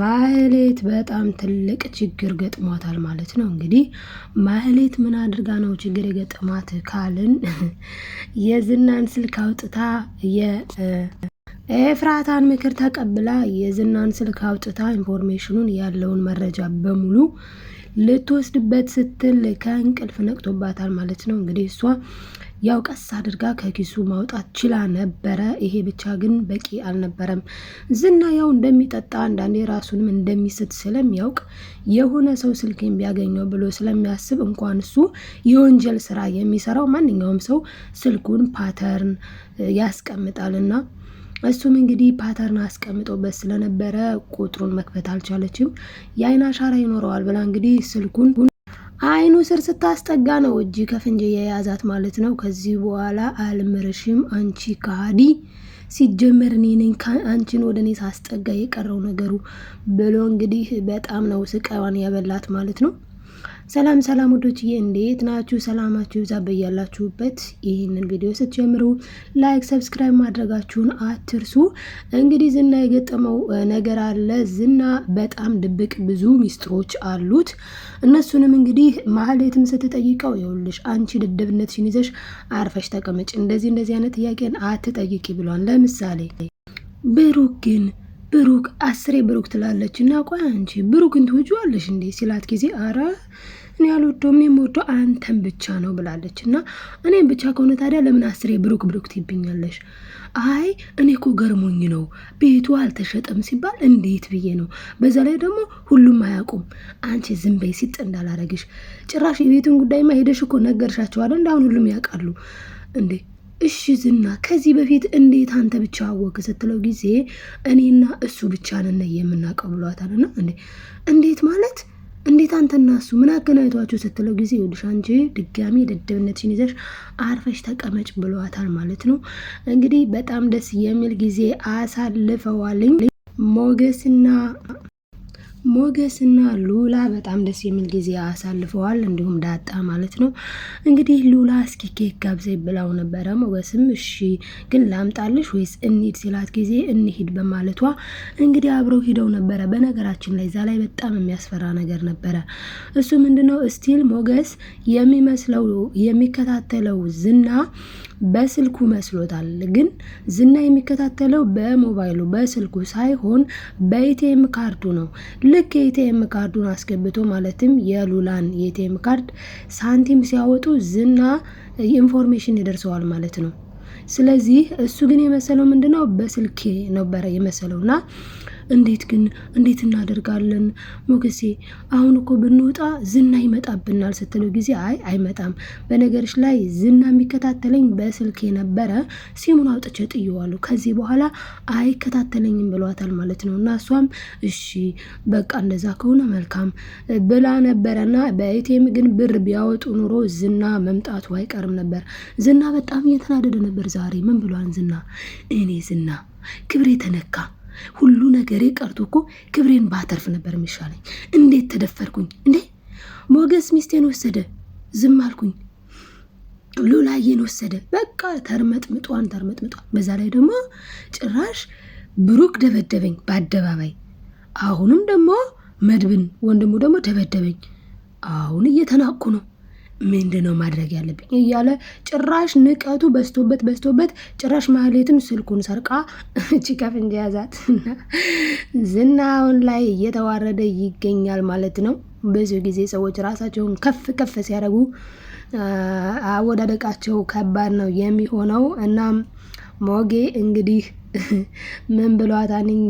ማህሌት በጣም ትልቅ ችግር ገጥሟታል ማለት ነው። እንግዲህ ማህሌት ምን አድርጋ ነው ችግር የገጠማት ካልን የዝናን ስልክ አውጥታ የኤፍራታን ምክር ተቀብላ የዝናን ስልክ አውጥታ ኢንፎርሜሽኑን ያለውን መረጃ በሙሉ ልትወስድበት ስትል ከእንቅልፍ ነቅቶባታል ማለት ነው። እንግዲህ እሷ ያው ቀስ አድርጋ ከኪሱ ማውጣት ችላ ነበረ። ይሄ ብቻ ግን በቂ አልነበረም። ዝና ያው እንደሚጠጣ አንዳንዴ ራሱንም እንደሚስት ስለሚያውቅ የሆነ ሰው ስልኬን ቢያገኘው ብሎ ስለሚያስብ እንኳን እሱ የወንጀል ስራ የሚሰራው ማንኛውም ሰው ስልኩን ፓተርን ያስቀምጣልና እሱም እንግዲህ ፓተርን አስቀምጦበት ስለነበረ ቁጥሩን መክፈት አልቻለችም። የአይን አሻራ ይኖረዋል ብላ እንግዲህ ስልኩን አይኑ ስር ስታስጠጋ ነው እጅ ከፍንጅ የያዛት ማለት ነው። ከዚህ በኋላ አልምርሽም አንቺ ካዲ ሲጀመር እኔ አንቺን ወደ እኔ ሳስጠጋ የቀረው ነገሩ ብሎ እንግዲህ በጣም ነው ስቃዋን ያበላት ማለት ነው። ሰላም ሰላም ውዶችዬ እንዴት ናችሁ? ሰላማችሁ ይብዛ በያላችሁበት። ይህንን ቪዲዮ ስትጀምሩ ላይክ፣ ሰብስክራይብ ማድረጋችሁን አትርሱ። እንግዲህ ዝና የገጠመው ነገር አለ። ዝና በጣም ድብቅ ብዙ ሚስጥሮች አሉት። እነሱንም እንግዲህ ማህሌትም ስትጠይቀው ይኸውልሽ አንቺ ድድብነትሽን ይዘሽ አርፈሽ ተቀመጭ፣ እንደዚህ እንደዚህ አይነት ጥያቄን አትጠይቂ ብሏን ለምሳሌ ብሩክ ግን ብሩክ አስሬ ብሩክ ትላለች እና ቆይ አንቺ ብሩክን ትወጂዋለሽ እንዴ ሲላት ጊዜ አረ እኔ አልወደውም እኔ የምወደው አንተን ብቻ ነው ብላለች እና እኔም ብቻ ከሆነ ታዲያ ለምን አስሬ ብሩክ ብሩክ ትይብኛለሽ? አይ እኔ እኮ ገርሞኝ ነው ቤቱ አልተሸጠም ሲባል እንዴት ብዬ ነው። በዛ ላይ ደግሞ ሁሉም አያውቁም። አንቺ ዝም በይ ሲጥ እንዳላረግሽ። ጭራሽ የቤቱን ጉዳይማ ሄደሽ እኮ ነገርሻቸዋል። እንዳሁን ሁሉም ያውቃሉ እንዴ እሺ ዝና ከዚህ በፊት እንዴት አንተ ብቻ አወቅ ስትለው ጊዜ እኔና እሱ ብቻ ነን የምናውቀው ብሏታል። እና እንዴ እንዴት ማለት እንዴት አንተና እሱ ምን አገናኝቷቸው ስትለው ጊዜ ይኸውልሽ አንቺ ድጋሚ ደደብነትሽን ይዘሽ አርፈሽ ተቀመጭ ብሏታል ማለት ነው። እንግዲህ በጣም ደስ የሚል ጊዜ አሳልፈዋልኝ ሞገስና ሞገስ እና ሉላ በጣም ደስ የሚል ጊዜ አሳልፈዋል። እንዲሁም ዳጣ ማለት ነው። እንግዲህ ሉላ እስኪ ኬክ ጋብዘ ብላው ነበረ። ሞገስም እሺ ግን ላምጣልሽ ወይስ እንሂድ ሲላት ጊዜ እንሂድ በማለቷ እንግዲህ አብረው ሂደው ነበረ። በነገራችን ላይ እዛ ላይ በጣም የሚያስፈራ ነገር ነበረ። እሱ ምንድነው እስቲል ሞገስ የሚመስለው የሚከታተለው ዝና በስልኩ መስሎታል። ግን ዝና የሚከታተለው በሞባይሉ በስልኩ ሳይሆን በኢቲኤም ካርዱ ነው። ልክ የኤቲኤም ካርዱን አስገብቶ ማለትም የሉላን የኤቲኤም ካርድ ሳንቲም ሲያወጡ ዝና ኢንፎርሜሽን ይደርሰዋል ማለት ነው። ስለዚህ እሱ ግን የመሰለው ምንድነው በስልኬ ነበረ የመሰለውና እንዴት ግን እንዴት እናደርጋለን ሞገሴ፣ አሁን እኮ ብንወጣ ዝና ይመጣብናል ስትለው ጊዜ አይ አይመጣም፣ በነገርሽ ላይ ዝና የሚከታተለኝ በስልክ የነበረ ሲሙን አውጥቼ ጥየዋለሁ፣ ከዚህ በኋላ አይከታተለኝም ብሏታል ማለት ነው። እና እሷም እሺ በቃ እንደዛ ከሆነ መልካም ብላ ነበረና በኤቲኤም ግን ብር ቢያወጡ ኑሮ ዝና መምጣቱ አይቀርም ነበር። ዝና በጣም እየተናደደ ነበር ዛሬ። ምን ብሏን ዝና? እኔ ዝና ክብሬ ተነካ ሁሉ ነገሬ ቀርቶ እኮ ክብሬን ባተርፍ ነበር የሚሻለኝ። እንዴት ተደፈርኩኝ እንዴ! ሞገስ ሚስቴን ወሰደ፣ ዝም አልኩኝ። ሉላዬን ወሰደ፣ በቃ ተርመጥምጧን ተርመጥምጧን። በዛ ላይ ደግሞ ጭራሽ ብሩክ ደበደበኝ በአደባባይ። አሁንም ደግሞ መድብን ወንድሙ ደግሞ ደበደበኝ። አሁን እየተናቁ ነው። ምንድን ነው ማድረግ ያለብኝ እያለ ጭራሽ ንቀቱ በስቶበት በስቶበት ጭራሽ ማህሌትም ስልኩን ሰርቃ ቺከፍ እንደያዛት እና ዝና አሁን ላይ እየተዋረደ ይገኛል ማለት ነው። ብዙ ጊዜ ሰዎች ራሳቸውን ከፍ ከፍ ሲያደርጉ አወዳደቃቸው ከባድ ነው የሚሆነው። እናም ሞጌ እንግዲህ ምን ብሏታንኝ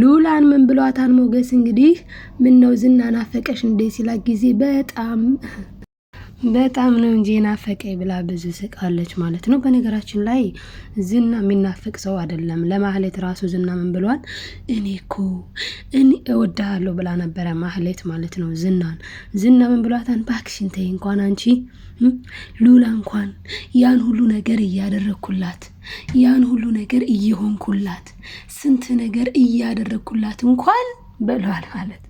ሉላን ምን ብሏታል? ሞገስ እንግዲህ ምን ነው ዝና ናፈቀሽ እንዴ ሲላት ጊዜ በጣም በጣም ነው እንጂ የናፈቀኝ ብላ ብዙ ስቃለች ማለት ነው። በነገራችን ላይ ዝና የሚናፍቅ ሰው አይደለም። ለማህሌት ራሱ ዝና ምን ብሏል? እኔ እኮ እኔ እወድሃለሁ ብላ ነበረ ማህሌት ማለት ነው። ዝናን ዝና ምን ብሏታን? እባክሽን ተይ እንኳን አንቺ ሉላ እንኳን ያን ሁሉ ነገር እያደረግኩላት ያን ሁሉ ነገር እየሆንኩላት ስንት ነገር እያደረግኩላት እንኳን ብሏል ማለት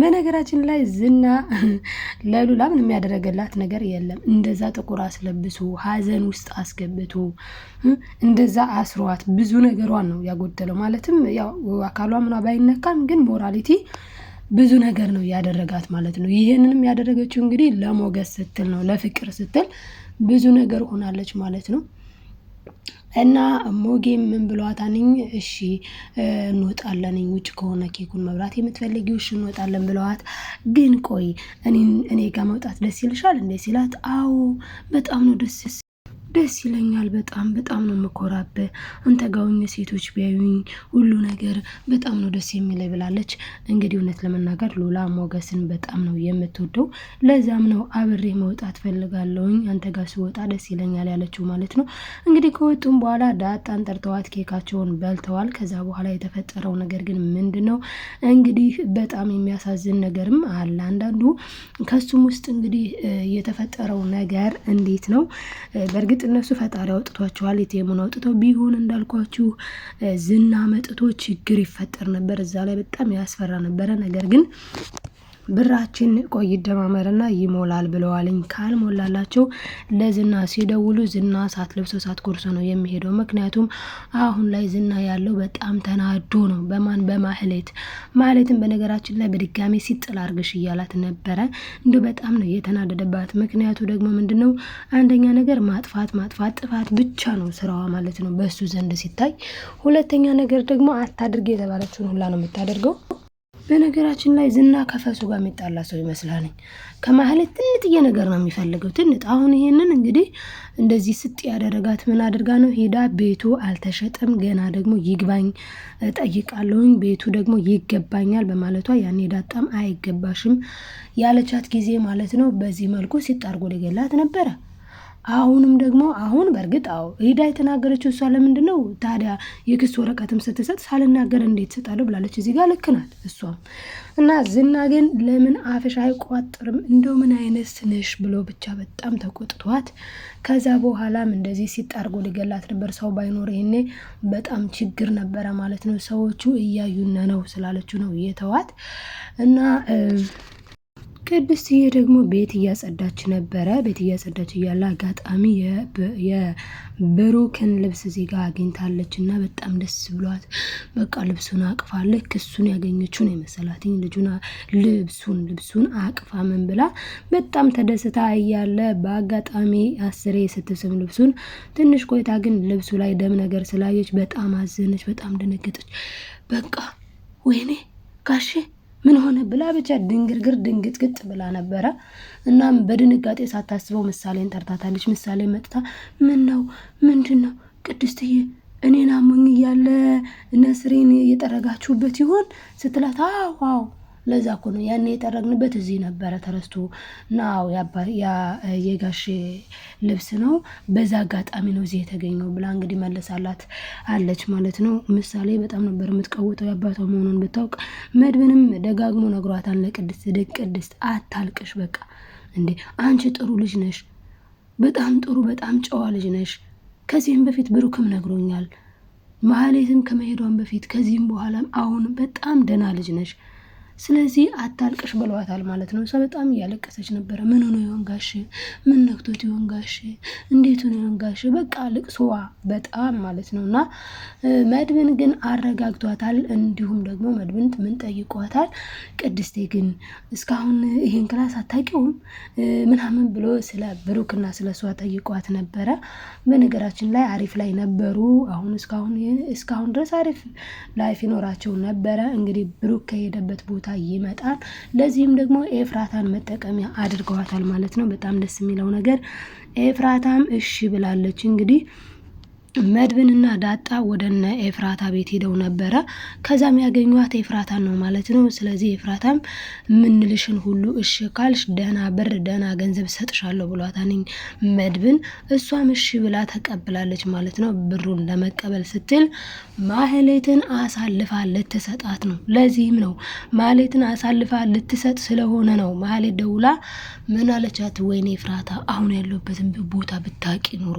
በነገራችን ላይ ዝና ለሉላ ምንም ያደረገላት ነገር የለም። እንደዛ ጥቁር አስለብሶ ሀዘን ውስጥ አስገብቶ እንደዛ አስሯት ብዙ ነገሯን ነው ያጎደለው። ማለትም ያው አካሏ ምኗ ባይነካም ግን ሞራሊቲ ብዙ ነገር ነው ያደረጋት ማለት ነው። ይህንንም ያደረገችው እንግዲህ ለሞገስ ስትል ነው፣ ለፍቅር ስትል ብዙ ነገር ሆናለች ማለት ነው። እና እሞጌም ምን ብሏታንኝ እሺ እንወጣለን ውጭ ከሆነ ኬኩን መብላት የምትፈልጊው እሺ እንወጣለን ብለዋት፣ ግን ቆይ እኔ ጋር መውጣት ደስ ይልሻል እንደ ሲላት፣ አዎ በጣም ነው ደስ ደስ ይለኛል። በጣም በጣም ነው የምኮራብህ አንተ ጋውኝ ሴቶች ቢያዩኝ ሁሉ ነገር በጣም ነው ደስ የሚለኝ ብላለች። እንግዲህ እውነት ለመናገር ሉላ ሞገስን በጣም ነው የምትወደው። ለዛም ነው አብሬ መውጣት ፈልጋለሁኝ አንተ ጋር ስወጣ ደስ ይለኛል ያለችው ማለት ነው። እንግዲህ ከወጡም በኋላ ዳጣን ጠርተዋት ኬካቸውን በልተዋል። ከዛ በኋላ የተፈጠረው ነገር ግን ምንድን ነው እንግዲህ በጣም የሚያሳዝን ነገርም አለ። አንዳንዱ ከሱም ውስጥ እንግዲህ የተፈጠረው ነገር እንዴት ነው በእርግጥ እነሱ ፈጣሪ አውጥቷቸዋል። የቴሙን አውጥተው ቢሆን እንዳልኳችሁ ዝና መጥቶ ችግር ይፈጠር ነበር። እዛ ላይ በጣም ያስፈራ ነበረ። ነገር ግን ብራችን ቆይ ይደማመርና ይሞላል ብለዋልኝ። ካልሞላላቸው ለዝና ሲደውሉ ዝና ሳት ጎርሶ ነው የሚሄደው። ምክንያቱም አሁን ላይ ዝና ያለው በጣም ተናዶ ነው። በማን በማህሌት ማለትም፣ በነገራችን ላይ በድጋሚ ሲጥል አርግሽ እያላት ነበረ። እንዲ በጣም ነው የተናደደባት። ምክንያቱ ደግሞ ምንድን ነው? አንደኛ ነገር ማጥፋት ማጥፋት ጥፋት ብቻ ነው ስራዋ ማለት ነው በእሱ ዘንድ ሲታይ፣ ሁለተኛ ነገር ደግሞ አታድርግ የተባለችውን ሁላ ነው የምታደርገው። በነገራችን ላይ ዝና ከፈሱ ጋር የሚጣላ ሰው ይመስላል። ከማህሌት ትንጥዬ ነገር ነው የሚፈልገው ትንጥ። አሁን ይሄንን እንግዲህ እንደዚህ ስጥ ያደረጋት ምን አድርጋ ነው ሄዳ፣ ቤቱ አልተሸጠም ገና ደግሞ ይግባኝ ጠይቃለሁኝ፣ ቤቱ ደግሞ ይገባኛል በማለቷ ያን ሄዳጣም አይገባሽም ያለቻት ጊዜ ማለት ነው። በዚህ መልኩ ሲጣርጎ ሊገላት ነበረ። አሁንም ደግሞ አሁን በእርግጥ አዎ ሄዳ የተናገረችው እሷ ለምንድን ነው ታዲያ የክስ ወረቀትም ስትሰጥ ሳልናገር እንዴት እሰጣለሁ ብላለች። እዚህ ጋር ልክ ናት እሷም እና ዝና ግን ለምን አፍሽ አይቋጥርም እንደው ምን አይነት ስንሽ ብሎ ብቻ በጣም ተቆጥቷት፣ ከዛ በኋላም እንደዚህ ሲጣርጎ ሊገላት ነበር ሰው ባይኖር ይሄኔ በጣም ችግር ነበረ ማለት ነው። ሰዎቹ እያዩነ ነው ስላለችው ነው የተዋት እና ቅድስትዬ ደግሞ ቤት እያጸዳች ነበረ። ቤት እያጸዳች እያለ አጋጣሚ የብሩክን ልብስ እዚህ ጋር አግኝታለች እና በጣም ደስ ብሏት በቃ ልብሱን አቅፋ ልክ እሱን ያገኘችው ነው ልጁን ልብሱን ልብሱን አቅፋ ምን ብላ በጣም ተደስታ እያለ በአጋጣሚ አስሬ ስትስም ልብሱን ትንሽ ቆይታ ግን ልብሱ ላይ ደም ነገር ስላየች በጣም አዘነች፣ በጣም ደነገጠች። በቃ ወይኔ ጋሼ ምን ሆነ ብላ ብቻ ድንግርግር ድንግጥግጥ ብላ ነበረ። እናም በድንጋጤ ሳታስበው ምሳሌን ጠርታታለች። ምሳሌ መጥታ ምን ነው ምንድን ነው ቅድስትዬ እኔን አሞኝ እያለ ነስሬን የጠረጋችሁበት ይሆን ስትላት አዎ ለዛ እኮ ነው ያኔ የጠረግንበት እዚህ ነበረ ተረስቶ ናው የጋሽ ልብስ ነው፣ በዛ አጋጣሚ ነው እዚህ የተገኘው ብላ እንግዲህ መለሳላት አለች ማለት ነው። ምሳሌ በጣም ነበር የምትቀውጠው ያባቷ መሆኑን ብታውቅ። መድብንም ደጋግሞ ነግሯታል ለቅድስት ደግ ቅድስት አታልቅሽ፣ በቃ እንዴ አንቺ ጥሩ ልጅ ነሽ፣ በጣም ጥሩ በጣም ጨዋ ልጅ ነሽ። ከዚህም በፊት ብሩክም ነግሮኛል ማህሌትም ከመሄዷን በፊት ከዚህም በኋላም አሁን በጣም ደህና ልጅ ነሽ ስለዚህ አታልቅሽ ብለዋታል ማለት ነው። እሷ በጣም እያለቀሰች ነበረ። ምን ሆኖ ይሆን ጋሽ? ምን ነክቶት ይሆን ጋሽ? እንዴት ሆኖ ይሆን ጋሽ? በቃ ልቅሶዋ በጣም ማለት ነው። እና መድብን ግን አረጋግቷታል። እንዲሁም ደግሞ መድብን ምን ጠይቋታል። ቅድስቴ ግን እስካሁን ይሄን ክላስ አታውቂውም ምናምን ብሎ ስለ ብሩክና ስለ እሷ ጠይቋት ነበረ። በነገራችን ላይ አሪፍ ላይ ነበሩ። አሁን እስካሁን እስካሁን ድረስ አሪፍ ላይፍ ይኖራቸው ነበረ። እንግዲህ ብሩክ ከሄደበት ቦታ ቦታ ይመጣል። ለዚህም ደግሞ ኤፍራታን መጠቀሚያ አድርገዋታል ማለት ነው። በጣም ደስ የሚለው ነገር ኤፍራታም እሺ ብላለች እንግዲህ መድብንና ዳጣ ወደ እነ ኤፍራታ ቤት ሄደው ነበረ። ከዛም ያገኟት ኤፍራታን ነው ማለት ነው። ስለዚህ ኤፍራታም ምንልሽን ሁሉ እሺ ካልሽ ደህና ብር፣ ደህና ገንዘብ ሰጥሻለሁ ነኝ መድብን። እሷም እሺ ብላ ተቀብላለች ማለት ነው። ብሩን ለመቀበል ስትል ማህሌትን አሳልፋ ልትሰጣት ነው። ለዚህም ነው ማህሌትን አሳልፋ ልትሰጥ ስለሆነ ነው። ማህሌት ደውላ ምናለቻት? ወይኔ ኤፍራታ አሁን ያለበትን ቦታ ብታቂ ኑሮ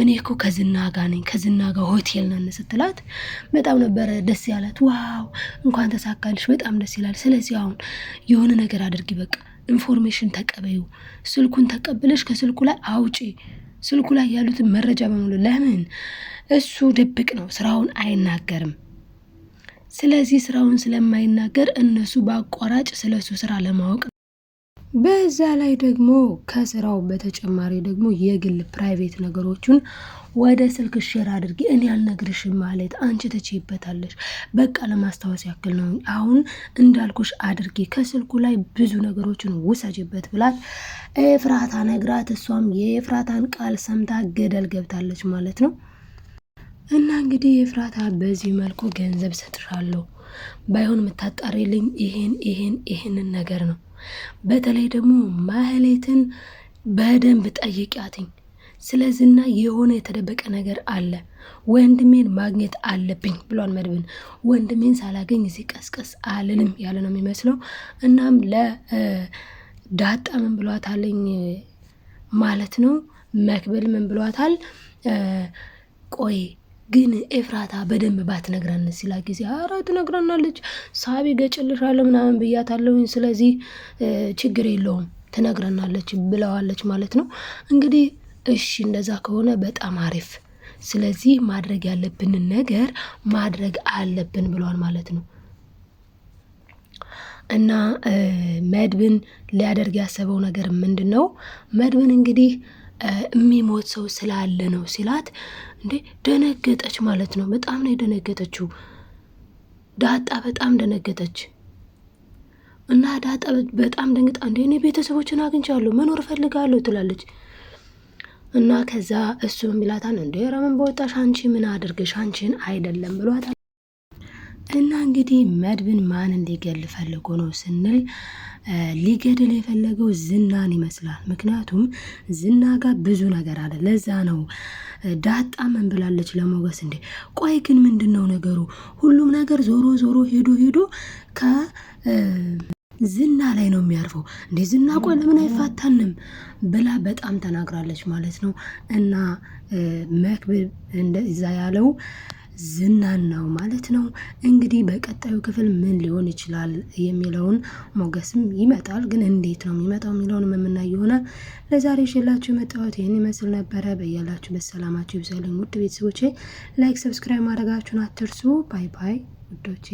እኔ እኮ ከዝና ጋ ነኝ ከዝና ጋ ሆቴል ነን ስትላት በጣም ነበረ ደስ ያላት። ዋው እንኳን ተሳካልሽ፣ በጣም ደስ ይላል። ስለዚህ አሁን የሆነ ነገር አድርጊ፣ በቃ ኢንፎርሜሽን ተቀበዩ፣ ስልኩን ተቀብለሽ ከስልኩ ላይ አውጪ፣ ስልኩ ላይ ያሉትን መረጃ በሙሉ። ለምን እሱ ድብቅ ነው፣ ስራውን አይናገርም። ስለዚህ ስራውን ስለማይናገር እነሱ በአቋራጭ ስለሱ ስራ ለማወቅ በዛ ላይ ደግሞ ከስራው በተጨማሪ ደግሞ የግል ፕራይቬት ነገሮቹን ወደ ስልክ ሼር አድርጊ፣ እኔ አልነግርሽም ማለት አንቺ ተችይበታለሽ። በቃ ለማስታወስ ያክል ነው፣ አሁን እንዳልኩሽ አድርጊ፣ ከስልኩ ላይ ብዙ ነገሮችን ውሰጅበት ብላት ኤፍራታ ነግራት፣ እሷም የኤፍራታን ቃል ሰምታ ገደል ገብታለች ማለት ነው። እና እንግዲህ ኤፍራታ በዚህ መልኩ ገንዘብ ሰጥሻለሁ፣ ባይሆን የምታጣሪልኝ ይሄን ይሄን ይሄንን ነገር ነው በተለይ ደግሞ ማህሌትን በደንብ ጠይቂያትኝ። ስለዚህና የሆነ የተደበቀ ነገር አለ፣ ወንድሜን ማግኘት አለብኝ ብሏል መድብን። ወንድሜን ሳላገኝ እዚህ ቀስቀስ አልልም ያለ ነው የሚመስለው። እናም ለዳጣ ምን ብሏታለኝ ማለት ነው መክብል ምን ብሏታል? ቆይ ግን ኤፍራታ በደንብ ባትነግረን ሲላ ጊዜ ኧረ ትነግረናለች፣ ሳቢ ገጭልሻለሁ ምናምን ብያታለሁኝ፣ ስለዚህ ችግር የለውም ትነግረናለች ብለዋለች ማለት ነው። እንግዲህ እሺ እንደዛ ከሆነ በጣም አሪፍ። ስለዚህ ማድረግ ያለብንን ነገር ማድረግ አለብን ብለዋል ማለት ነው። እና መድብን ሊያደርግ ያሰበው ነገር ምንድን ነው? መድብን እንግዲህ የሚሞት ሰው ስላለ ነው ሲላት፣ እንዴ ደነገጠች ማለት ነው። በጣም ነው የደነገጠችው ዳጣ፣ በጣም ደነገጠች እና ዳጣ በጣም ደንግጣ እንዴ እኔ ቤተሰቦችን አግኝቻለሁ መኖር እፈልጋለሁ ትላለች። እና ከዛ እሱ የሚላታን እንዴ ረምን በወጣሽ አንቺ ምን አድርገሽ አንቺን አይደለም ብሏታል። እና እንግዲህ መድብን ማን እንዲገል ፈልጎ ነው ስንል ሊገድል የፈለገው ዝናን ይመስላል። ምክንያቱም ዝና ጋር ብዙ ነገር አለ። ለዛ ነው ዳጣ ምን ብላለች ለሞገስ እንዴ፣ ቆይ ግን ምንድን ነው ነገሩ? ሁሉም ነገር ዞሮ ዞሮ ሄዶ ሄዶ ከ ዝና ላይ ነው የሚያርፈው። እንዴ ዝና ቆይ ለምን አይፋታንም ብላ በጣም ተናግራለች ማለት ነው። እና መክብብ እንደዛ ያለው ዝናን ነው ማለት ነው። እንግዲህ በቀጣዩ ክፍል ምን ሊሆን ይችላል የሚለውን ሞገስም ይመጣል፣ ግን እንዴት ነው የሚመጣው የሚለውን የምናይ የሆነ ለዛሬ ሽላችሁ የመጣሁት ይህን ይመስል ነበረ። በያላችሁ በሰላማችሁ ይብዛልኝ ውድ ቤተሰቦቼ። ላይክ፣ ሰብስክራይብ ማድረጋችሁን አትርሱ። ባይ ባይ ውዶቼ።